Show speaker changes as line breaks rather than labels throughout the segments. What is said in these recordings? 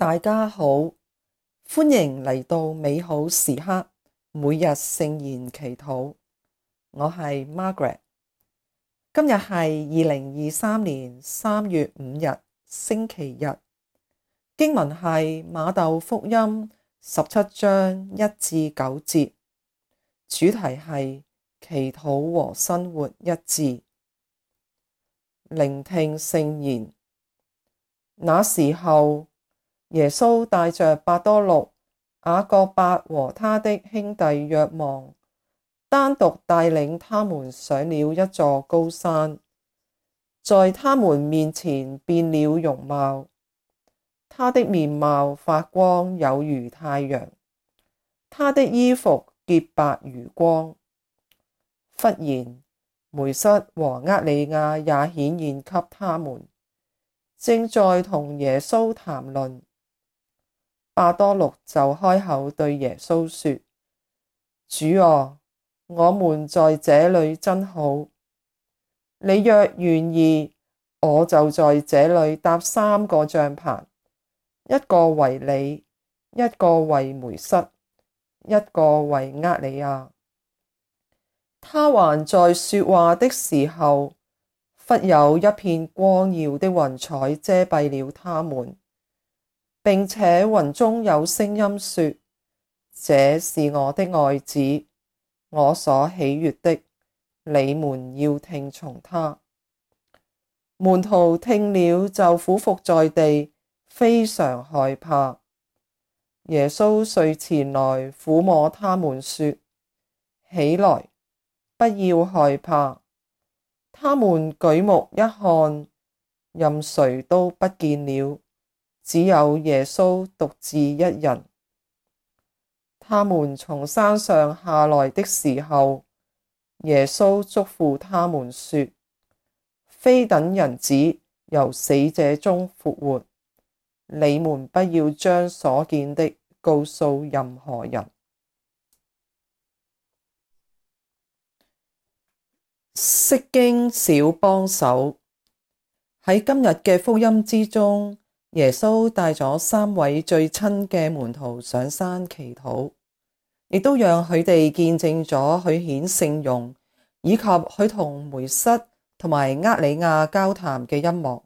大家好，歡迎嚟到美好時刻，每日聖言祈禱。我係 Margaret，今日係二零二三年三月五日星期日，經文係馬竇福音十七章一至九節，主題係祈禱和生活一致，聆聽聖言。那時候。耶穌帶着伯多祿、雅各伯和他的兄弟若望，單獨帶領他們上了一座高山，在他們面前變了容貌。他的面貌發光，有如太陽；他的衣服潔白如光。忽然，梅瑟和厄里亞也顯現給他們，正在同耶穌談論。伯多祿就開口對耶穌說：主哦、啊，我們在這裏真好。你若願意，我就在這裏搭三個帳棚，一個為你，一個為梅瑟，一個為厄里亞。他還在說話的時候，忽有一片光耀的雲彩遮蔽了他們。並且雲中有聲音說：這是我的愛子，我所喜悅的，你們要聽從他。門徒聽了就俯伏在地，非常害怕。耶穌遂前來撫摸他們，說：起來，不要害怕。他們舉目一看，任誰都不見了。只有耶穌獨自一人。他們從山上下來的時候，耶穌囑咐他們說：非等人子由死者中復活，你們不要將所見的告訴任何人。釋經小幫手，喺今日嘅福音之中。耶穌帶咗三位最親嘅門徒上山祈禱，亦都讓佢哋見證咗佢顯聖容，以及佢同梅瑟同埋厄里亞交談嘅一幕。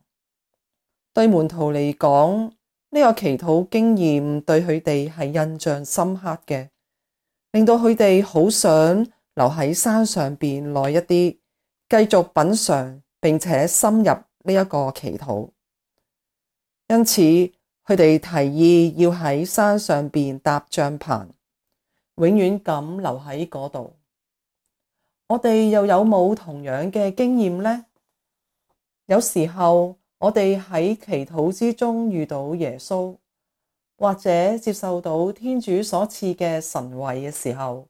對門徒嚟講，呢個祈禱經驗對佢哋係印象深刻嘅，令到佢哋好想留喺山上邊耐一啲，繼續品嘗並且深入呢一個祈禱。因此，佢哋提議要喺山上邊搭帳棚，永遠咁留喺嗰度。我哋又有冇同樣嘅經驗呢？有時候我哋喺祈禱之中遇到耶穌，或者接受到天主所賜嘅神慰嘅時候，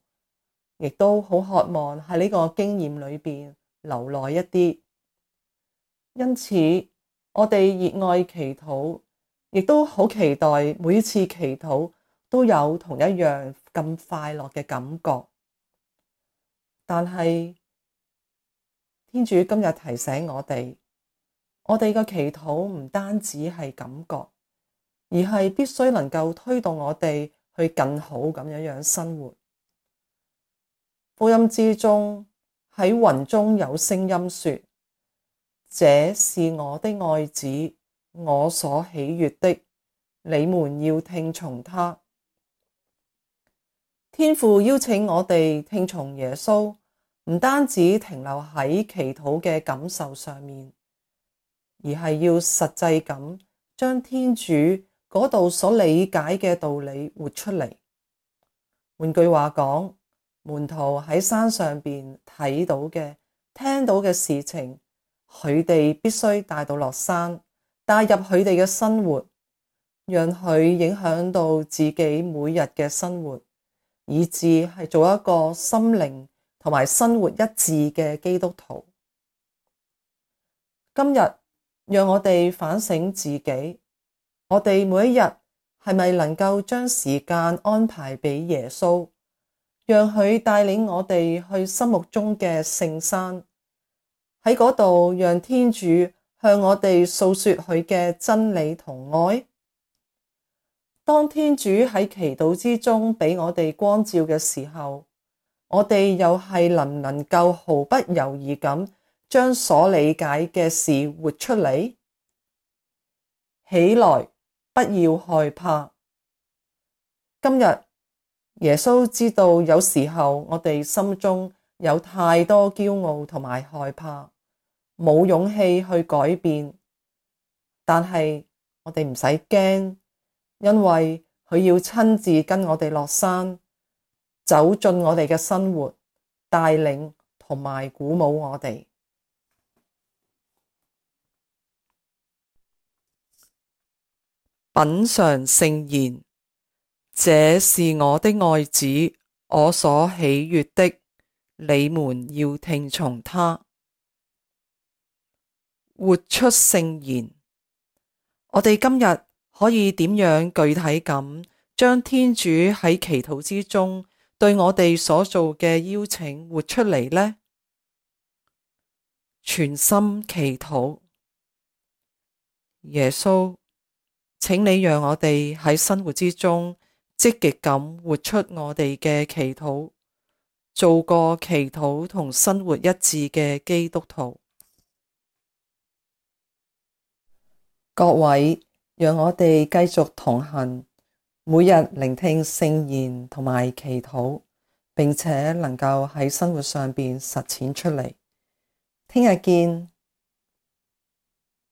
亦都好渴望喺呢個經驗裏邊留耐一啲。因此，我哋熱愛祈禱，亦都好期待每次祈禱都有同一樣咁快樂嘅感覺。但係天主今日提醒我哋，我哋嘅祈禱唔單止係感覺，而係必須能夠推動我哋去更好咁樣樣生活。福音之中，喺雲中有聲音說：這是我的愛子，我所喜悅的，你們要聽從他。天父邀請我哋聽從耶穌，唔單止停留喺祈禱嘅感受上面，而係要實際咁將天主嗰度所理解嘅道理活出嚟。換句話講，門徒喺山上邊睇到嘅、聽到嘅事情。佢哋必須帶到落山，帶入佢哋嘅生活，讓佢影響到自己每日嘅生活，以至係做一個心靈同埋生活一致嘅基督徒。今日讓我哋反省自己，我哋每一日係咪能夠將時間安排俾耶穌，讓佢帶領我哋去心目中嘅聖山？喺嗰度，讓天主向我哋訴說佢嘅真理同愛。當天主喺祈禱之中俾我哋光照嘅時候，我哋又係能唔能夠毫不猶豫咁將所理解嘅事活出嚟。起來，不要害怕。今日耶穌知道，有時候我哋心中有太多驕傲同埋害怕。冇勇氣去改變，但係我哋唔使驚，因為佢要親自跟我哋落山，走進我哋嘅生活，帶領同埋鼓舞我哋。品嚐聖言，這是我的愛子，我所喜悅的，你們要聽從祂。活出聖言，我哋今日可以點樣具體咁將天主喺祈禱之中對我哋所做嘅邀請活出嚟呢？全心祈禱，耶穌，請你讓我哋喺生活之中積極咁活出我哋嘅祈禱，做個祈禱同生活一致嘅基督徒。各位，讓我哋繼續同行，每日聆聽聖言同埋祈禱，並且能夠喺生活上面實踐出嚟。聽日見。